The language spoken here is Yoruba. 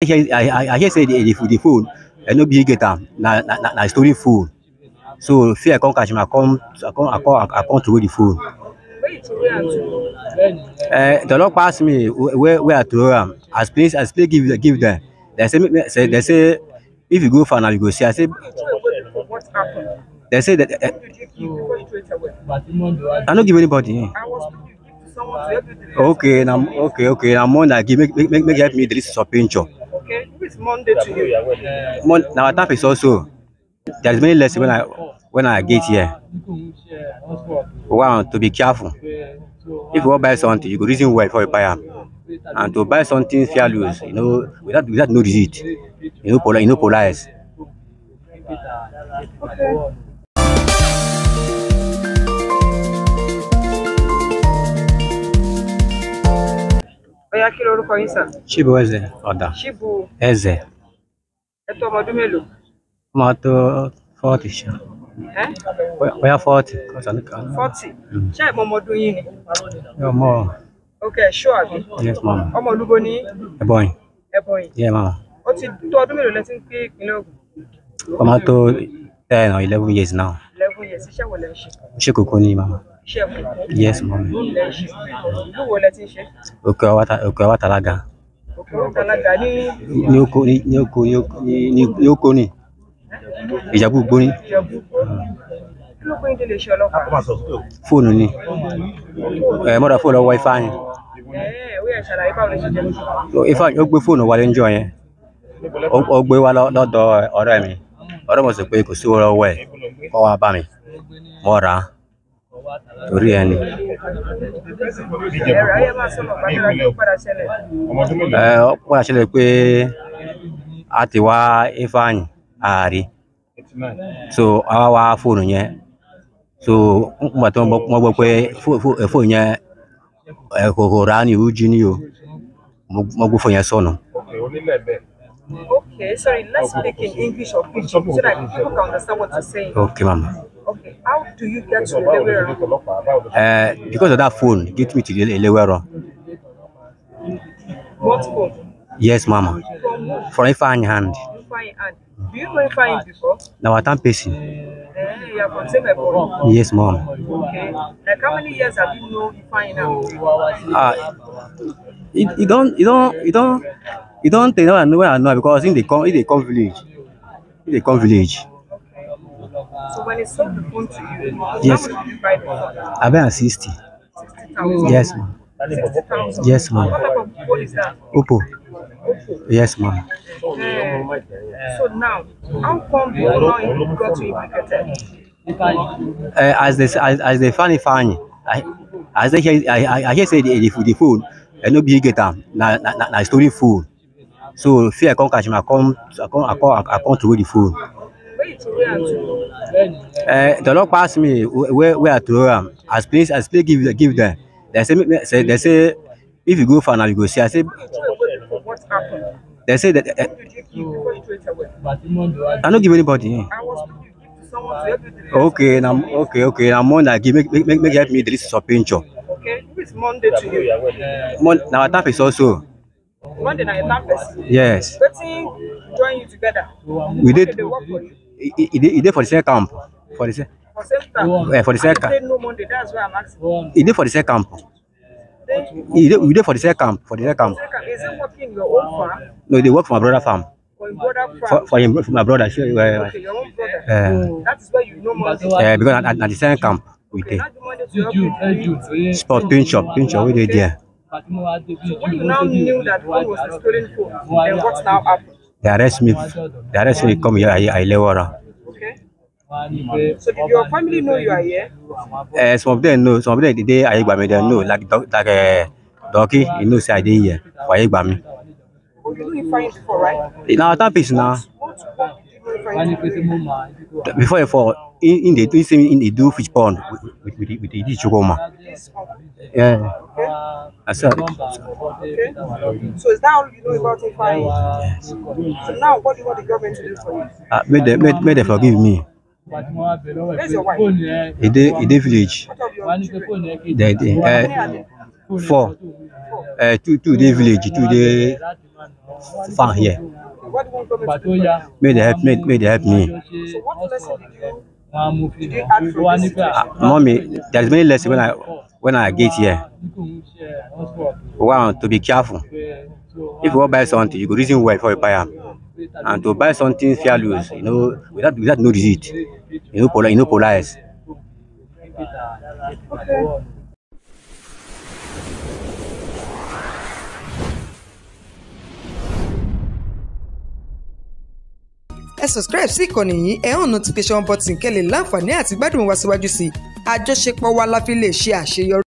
I hear, I, I hear say the, the, the phone, I no be get am, na, na, na, na story phone. So fear I come catch him, I come, I come, I come, I come throw the phone. Uh, the Lord pass me where, where I throw am. I explain, I explain, give, give them. They say, say, they say, if you go far now, you go see. I say, they say that. Uh, I don't give anybody. I was okay, now, okay, okay. Now, more I make, make, make, make help me delete your picture. It's Monday to you. Mon now tap is also. There's many lessons when I when I get here. One to be careful. If you want buy something, you go reason why before you buy it. And to buy something fair lose, you know, without without no receipt, you know, you know, polarize. Okay. kí lorúkọ yín sàn. Chibu Eze ọ̀dà. Chibu Eze. ẹ tó ọmọ ọdún mélòó. ọmọ tó fọ́ọ̀tì ṣá. bóyá fọ́ọ̀tì kan sàn nìkan. fọ́ọ̀tì mm. ṣé ẹ̀ mọ ọmọ ọdún yín ni. yóò ok ṣó àbí. yes mama. ọmọ olúbo ni. ẹbọyìn. ẹbọyìn. yẹ mama. ó ti tó ọdún mélòó lẹ ti ń gbé ìpínlẹ̀ Ògùn. ọmọ tó ten eh, or eleven years now. eleven years iṣẹ́ wo lẹ ń ṣe. ó ṣe kókó ní mama yes mami. ìlú wo lẹ ti ń ṣe. òkè ọwátà òkè ọwátà alága. òkè ọwátà alága ní. ní oko ní ní oko ní oko ní ní oko ní ìjàgbó gbóní. kí ló gbóyin délé iṣẹ́ ọlọ́pàá. fóònù ni ẹ mọ́ra fóònù lọ́wọ́ ifá yẹn. ẹ ó yẹ ṣàlàyé báwo lè ṣe jẹ́ lóṣù. ifá ó gbé fóònù wálé ńjọ́ yẹn ó gbé wá lọ́dọ̀ ọ̀rẹ́ mi ọ̀rẹ́ mi sọ pé kò sí owó lọ́wọ́ ẹ̀ kọ́ wa bá mi mọ́ra torí ẹ ni. ẹ ọ padà ṣẹlẹ̀ pé a ti wá Ifeanyi ààrí so àwa wá fóònù yẹn so nígbà tí wọ́n gbọ́ pé fóònù yẹn kòkòrò á ní ìwújí ní o mo gbọ́ fóònù yẹn sọnù. Okay, sorry, let's speak in English or Pidgin so that people can understand what you're saying. Okay, Mama. Okay, how do you get to Elewero? Uh, because of that phone, get me to Elewero. What phone? Yes, mama. From who? From hand. Do you know Ifeanyi before? Now I time eh, person. you are from same Ebonyi. Yes, mom. Okay. Like how many years have you known Ifeanyi now? Ah, uh, it, it don't, you don't, you don't. You don't tey now i know when i know because e dey come e dey come village e dey come village. so when he sold the phone to you yes. how much did you buy the phone. i buy am sixty. sixty yes ma'am. sixty yes ma'am. what type of phone is that. oppo. oppo. yes ma'am. Uh, so now how come you now you got to implicated. Uh, eh, as they as, as they find it funny i as they hear i i hear say the the phone i eh, no be get am na na na story phone so fear come catch me i come i come i come i come the phone uh, the lord passed me where where to throw As please as please give give them they say make say they say if you go far now you go see i say they say that uh, i no give anybody. okay now okay okay now monday give make make make help me delete some picture. okay which monday to you. mon na my is also. When they are a town Yes. Wetin join you together? We did. They work for He did for the same camp. For the same. For the same camp. Yeah, for the same camp. no Monday. That's why I'm asking. He did for the same camp. He did, we did for the same camp. For the same camp. Is he working your own farm? No, they work for my brother farm. For, brother for, him, for my brother. Sure, okay, your own brother. Uh, that is why you know Monday. Uh, because at, at the same camp we okay, did. Eh, Sport, pin shop, pin shop, we did there. So you now knew that phone was a stolen phone, and what now happened? They arrest me. They arrest me. Come here. I, I Lewara. Okay. So did your family know you are here? Uh, some of them know. Some of them the day I me they know. Like like uh, Doki, you know, say I did here. Why you me? But you know you find before, right? In our tapis now. before you fall, in, in the in, the do fish pond with with, with, with the Chukoma. Yes, of Yeah. Okay. I said. Okay. So is that all you know about Ifeanyi. Yes. So now what do you want the government to do for you? Uh, may they may, may they forgive me. Where's your wife? In the, village. What of your children? Uh, they, they, uh, four. Uh, two two the village two the farm here. What do you want government to do? For you? May they help me. May they help me. So what lesson did you? Did you add from this? Uh, mommy, there's many lessons when I when I get here, one to be careful. If you want buy something, you go reason well before you buy am. And to buy something fair you know, without without no receipt, you know, polite, you know, polite. Okay. ẹ subscribe sí ìkànnì yìí ẹ hàn notification button kẹ́ lè láǹfààní àti gbádùn wa síwájú sí i àjọṣepọ̀ wa la fi lè ṣe àṣeyọrí.